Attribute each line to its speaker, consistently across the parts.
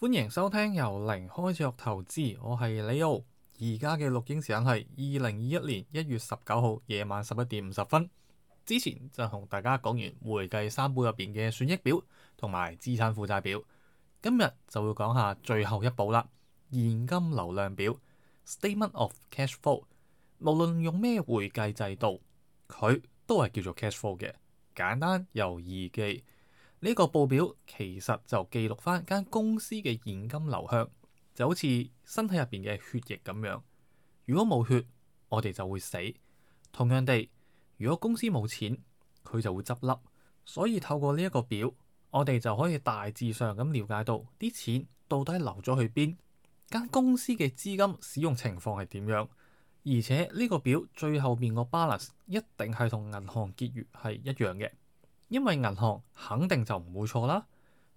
Speaker 1: 歡迎收聽由零開始學投資，我係李奧。而家嘅錄影時間係二零二一年一月十九號夜晚十一點五十分。之前就同大家講完會計三寶入邊嘅損益表同埋資產負債表，今日就會講下最後一步啦，現金流量表 （Statement of Cash Flow）。無論用咩會計制度，佢都係叫做 cash flow 嘅，簡單又易記。呢個報表其實就記錄翻間公司嘅現金流向，就好似身體入邊嘅血液咁樣。如果冇血，我哋就會死。同樣地，如果公司冇錢，佢就會執笠。所以透過呢一個表，我哋就可以大致上咁了解到啲錢到底流咗去邊，間公司嘅資金使用情況係點樣。而且呢個表最後面個 balance 一定係同銀行結餘係一樣嘅。因為銀行肯定就唔會錯啦。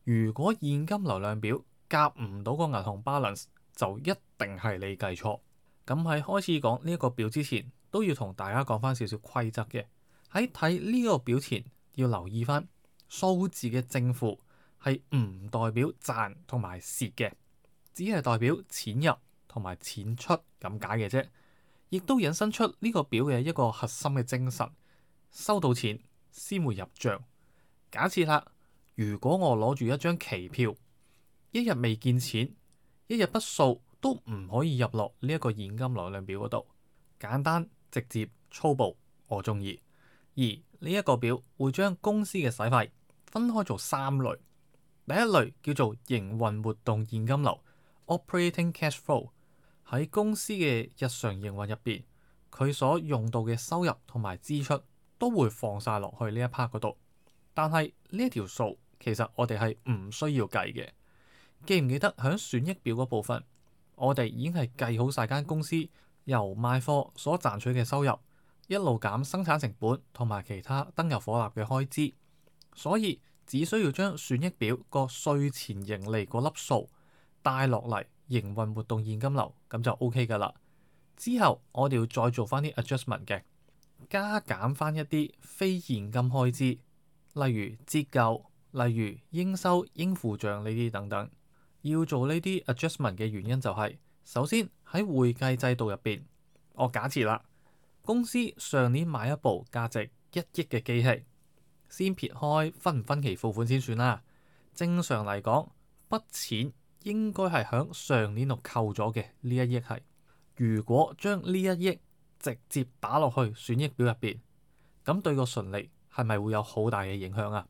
Speaker 1: 如果現金流量表夾唔到個銀行 balance，就一定係你計錯。咁喺開始講呢一個表之前，都要同大家講翻少少規則嘅。喺睇呢個表前，要留意翻數字嘅正負係唔代表賺同埋蝕嘅，只係代表錢入同埋錢出咁解嘅啫。亦都引申出呢個表嘅一個核心嘅精神：收到錢先會入賬。假設啦，如果我攞住一張期票，一日未見錢，一日不掃都唔可以入落呢一個現金流量表嗰度。簡單直接粗暴，我中意。而呢一個表會將公司嘅使費分開做三類，第一類叫做營運活動現金流 （Operating Cash Flow）。喺公司嘅日常營運入邊，佢所用到嘅收入同埋支出都會放晒落去呢一 part 嗰度。但係呢一條數，其實我哋係唔需要計嘅。記唔記得響損益表嗰部分，我哋已經係計好晒間公司由賣貨所賺取嘅收入，一路減生產成本同埋其他燈油火蠟嘅開支，所以只需要將損益表個稅前盈利嗰粒數帶落嚟，營運活動現金流咁就 OK 㗎喇。之後我哋要再做翻啲 adjustment 嘅，加減翻一啲非現金開支。例如折舊，例如應收應付賬呢啲等等，要做呢啲 adjustment 嘅原因就係，首先喺會計制度入邊，我假設啦，公司上年買一部價值一億嘅機器，先撇開分唔分期付款先算啦。正常嚟講，筆錢應該係響上年度扣咗嘅。呢一億係，如果將呢一億直接打落去損益表入邊，咁對個純利。係咪會有好大嘅影響啊？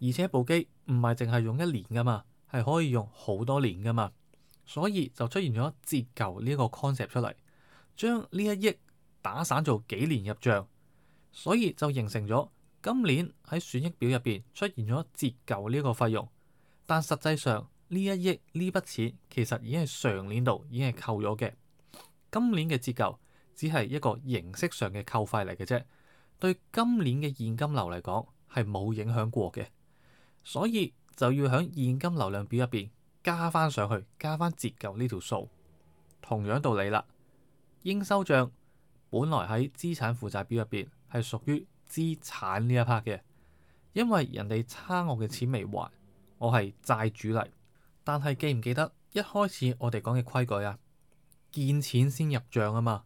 Speaker 1: 而且部機唔係淨係用一年㗎嘛，係可以用好多年㗎嘛，所以就出現咗折舊呢個 concept 出嚟，將呢一億打散做幾年入帳，所以就形成咗今年喺損益表入邊出現咗折舊呢個費用。但實際上呢一億呢筆錢其實已經係上年度已經係扣咗嘅，今年嘅折舊只係一個形式上嘅扣費嚟嘅啫。對今年嘅現金流嚟講係冇影響過嘅，所以就要喺現金流量表入邊加翻上去，加翻折舊呢條數。同樣道理啦，應收賬本來喺資產負債表入邊係屬於資產呢一 part 嘅，因為人哋差我嘅錢未還，我係債主嚟。但係記唔記得一開始我哋講嘅規矩啊？見錢先入帳啊嘛，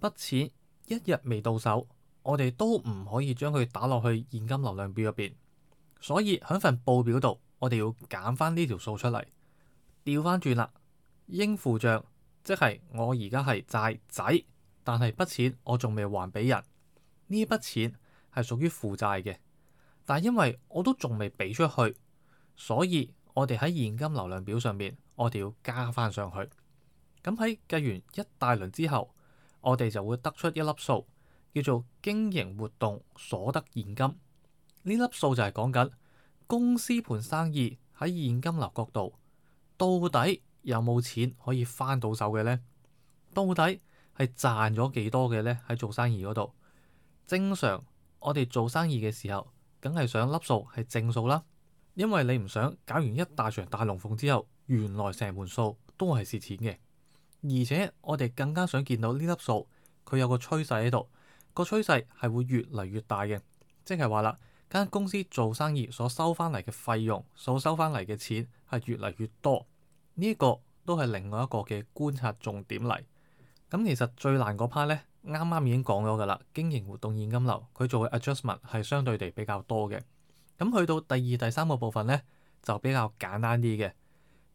Speaker 1: 筆錢一日未到手。我哋都唔可以將佢打落去現金流量表入邊，所以喺份報表度，我哋要減翻呢條數出嚟，調翻轉啦。應付賬即係我而家係債仔，但係筆錢我仲未還俾人，呢筆錢係屬於負債嘅，但係因為我都仲未俾出去，所以我哋喺現金流量表上面，我哋要加翻上去。咁喺計完一大輪之後，我哋就會得出一粒數。叫做經營活動所得現金，呢粒數就係講緊公司盤生意喺現金流角度到底有冇錢可以返到手嘅呢？到底係賺咗幾多嘅呢？喺做生意嗰度。正常，我哋做生意嘅時候，梗係想粒數係正數啦，因為你唔想搞完一大場大龍鳳之後，原來成盤數都係蝕錢嘅，而且我哋更加想見到呢粒數佢有個趨勢喺度。個趨勢係會越嚟越大嘅，即係話啦，間公司做生意所收翻嚟嘅費用，所收翻嚟嘅錢係越嚟越多。呢一個都係另外一個嘅觀察重點嚟。咁其實最難嗰 part 咧，啱啱已經講咗噶啦，經營活動現金流佢做嘅 adjustment 係相對地比較多嘅。咁去到第二、第三個部分咧，就比較簡單啲嘅。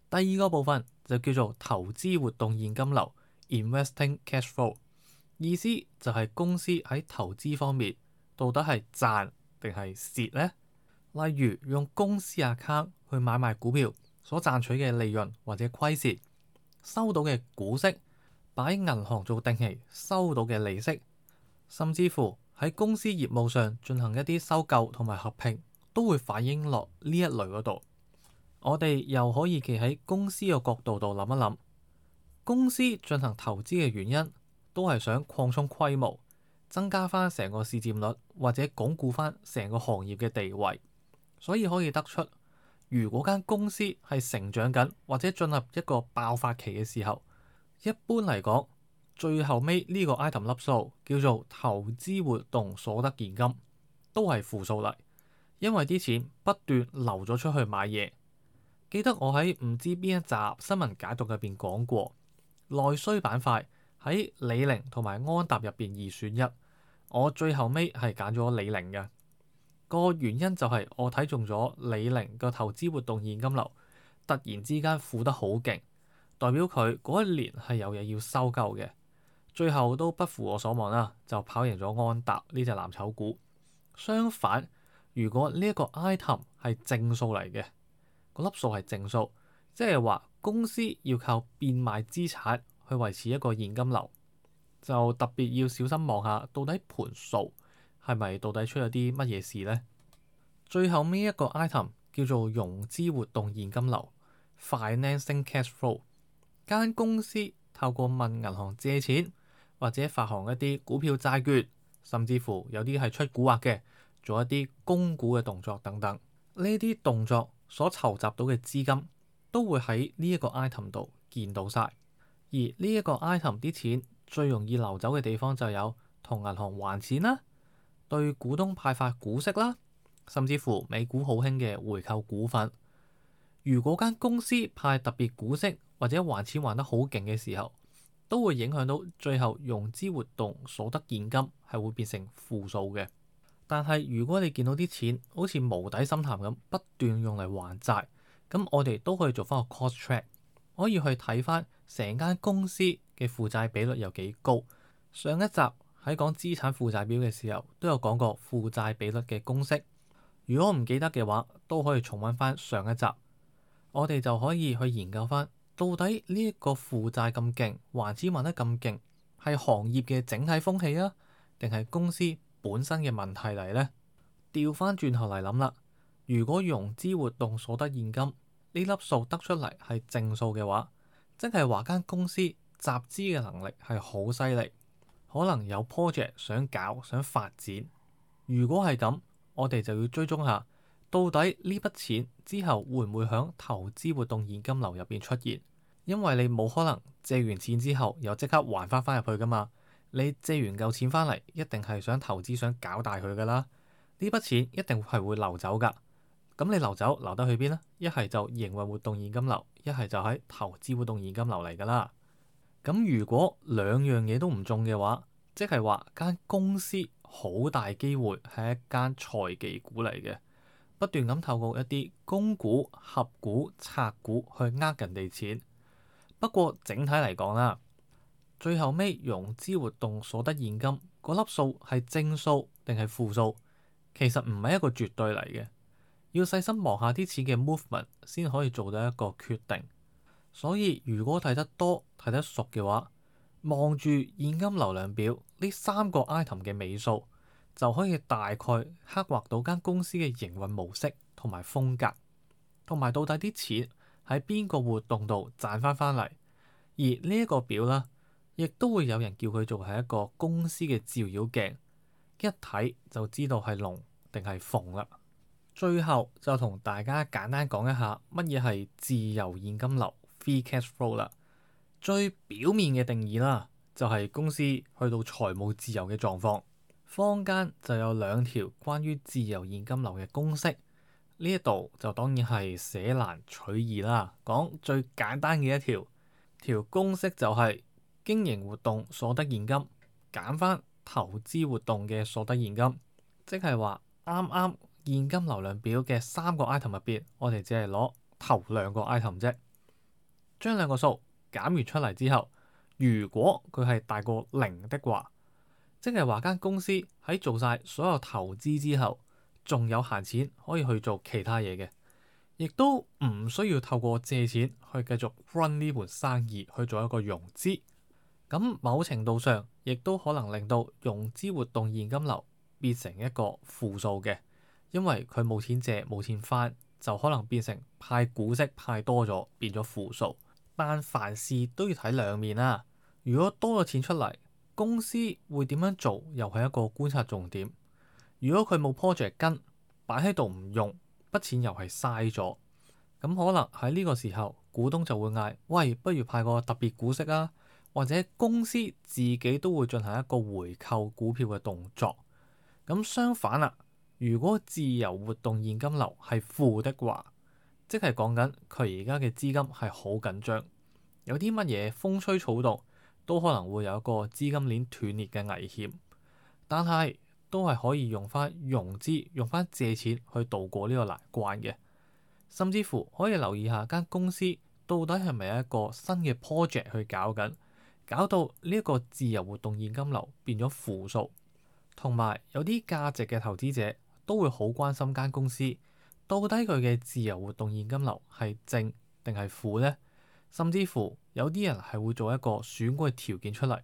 Speaker 1: 第二個部分就叫做投資活動現金流 （investing cash flow）。意思就係公司喺投資方面到底係賺定係蝕呢？例如用公司 account 去買賣股票所賺取嘅利潤或者虧蝕，收到嘅股息，擺銀行做定期收到嘅利息，甚至乎喺公司業務上進行一啲收購同埋合併，都會反映落呢一類嗰度。我哋又可以企喺公司嘅角度度諗一諗，公司進行投資嘅原因，都係想擴充規模，增加翻成個市佔率，或者鞏固翻成個行業嘅地位，所以可以得出，如果間公司係成長緊或者進入一個爆發期嘅時候，一般嚟講，最後尾呢個 item 粒數叫做投資活動所得現金都係負數嚟，因為啲錢不斷流咗出去買嘢。記得我喺唔知邊一集新聞解讀入邊講過，內需板塊。喺李寧同埋安踏入面二選一，我最後尾係揀咗李寧嘅個原因就係我睇中咗李寧個投資活動現金流突然之間負得好勁，代表佢嗰一年係有嘢要收購嘅。最後都不負我所望啦，就跑贏咗安踏呢隻藍籌股。相反，如果呢一個 item 係正數嚟嘅，個粒數係正數，即係話公司要靠變賣資產。去維持一個現金流，就特別要小心望下，到底盤數係咪到底出咗啲乜嘢事呢？最後尾一個 item 叫做融資活動現金流 （Financing Cash Flow）。間公司透過問銀行借錢，或者發行一啲股票債券，甚至乎有啲係出股額嘅，做一啲供股嘅動作等等。呢啲動作所籌集到嘅資金都會喺呢一個 item 度見到晒。而呢一個 item 啲錢最容易流走嘅地方就有同銀行還錢啦，對股東派發股息啦，甚至乎美股好興嘅回購股份。如果間公司派特別股息或者還錢還得好勁嘅時候，都會影響到最後融資活動所得現金係會變成負數嘅。但係如果你見到啲錢好似無底深潭咁，不斷用嚟還債，咁我哋都可以做翻個 cost track。可以去睇翻成間公司嘅負債比率有幾高。上一集喺講資產負債表嘅時候，都有講過負債比率嘅公式。如果唔記得嘅話，都可以重溫翻上一集。我哋就可以去研究翻，到底呢一個負債咁勁，還錢還得咁勁，係行業嘅整體風氣啊，定係公司本身嘅問題嚟呢？調翻轉頭嚟諗啦，如果融資活動所得現金，呢粒數得出嚟係正數嘅話，即係話間公司集資嘅能力係好犀利，可能有 project 想搞想發展。如果係咁，我哋就要追蹤下，到底呢筆錢之後會唔會響投資活動現金流入邊出現？因為你冇可能借完錢之後又即刻還翻翻入去噶嘛。你借完夠錢翻嚟，一定係想投資想搞大佢噶啦。呢筆錢一定係會流走噶。咁你流走流得去邊咧？一係就營運活動現金流，一係就喺投資活動現金流嚟噶啦。咁如果兩樣嘢都唔中嘅話，即係話間公司好大機會係一間財技股嚟嘅，不斷咁透過一啲公股、合股、拆股去呃人哋錢。不過整體嚟講啦，最後尾融資活動所得現金嗰粒數係正數定係負數，其實唔係一個絕對嚟嘅。要細心望下啲錢嘅 movement，先可以做到一個決定。所以如果睇得多、睇得熟嘅話，望住現金流量表呢三個 item 嘅尾數，就可以大概刻畫到間公司嘅營運模式同埋風格，同埋到底啲錢喺邊個活動度賺翻翻嚟。而呢一個表呢，亦都會有人叫佢做係一個公司嘅照妖鏡，一睇就知道係龍定係鳳啦。最後就同大家簡單講一下乜嘢係自由現金流 （free cash flow） 啦。最表面嘅定義啦，就係、是、公司去到財務自由嘅狀況。坊間就有兩條關於自由現金流嘅公式，呢一度就當然係捨難取易啦。講最簡單嘅一條條公式就係經營活動所得現金減返投資活動嘅所得現金，即係話啱啱，剛剛現金流量表嘅三個 item 入邊，我哋只係攞頭兩個 item 啫。將兩個數減完出嚟之後，如果佢係大過零的話，即係話間公司喺做晒所有投資之後，仲有閒錢可以去做其他嘢嘅，亦都唔需要透過借錢去繼續 run 呢盤生意去做一個融資。咁某程度上亦都可能令到融資活動現金流變成一個負數嘅。因為佢冇錢借，冇錢翻，就可能變成派股息派多咗，變咗負數。但凡事都要睇兩面啦、啊。如果多咗錢出嚟，公司會點樣做又係一個觀察重點。如果佢冇 project 跟，擺喺度唔用，筆錢又係嘥咗，咁可能喺呢個時候，股東就會嗌：「喂，不如派個特別股息啊！或者公司自己都會進行一個回購股票嘅動作。咁相反啦、啊。如果自由活動現金流係負的話，即係講緊佢而家嘅資金係好緊張，有啲乜嘢風吹草動都可能會有一個資金鏈斷裂嘅危險。但係都係可以用翻融資、用翻借錢去度過呢個難關嘅，甚至乎可以留意下間公司到底係咪一個新嘅 project 去搞緊，搞到呢一個自由活動現金流變咗負數，同埋有啲價值嘅投資者。都會好關心間公司到底佢嘅自由活動現金流係正定係負呢？甚至乎有啲人係會做一個選股嘅條件出嚟，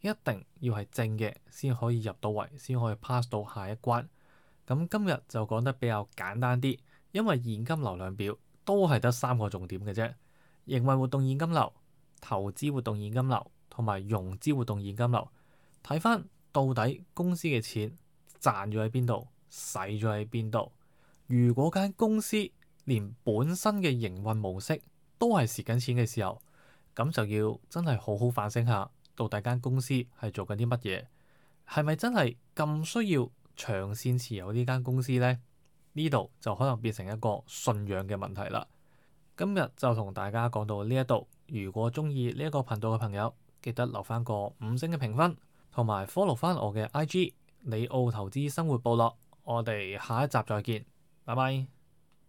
Speaker 1: 一定要係正嘅先可以入到位，先可以 pass 到下一關。咁、嗯、今日就講得比較簡單啲，因為現金流量表都係得三個重點嘅啫：營運活動現金流、投資活動現金流同埋融資活動現金流。睇翻到底公司嘅錢賺咗喺邊度。使咗喺邊度？如果間公司連本身嘅營運模式都係蝕緊錢嘅時候，咁就要真係好好反省下，到底間公司係做緊啲乜嘢？係咪真係咁需要長線持有呢間公司呢？呢度就可能變成一個信仰嘅問題啦。今日就同大家講到呢一度。如果中意呢一個頻道嘅朋友，記得留翻個五星嘅評分，同埋 follow 翻我嘅 I G 李奧投資生活部落。我哋下一集再見，拜拜。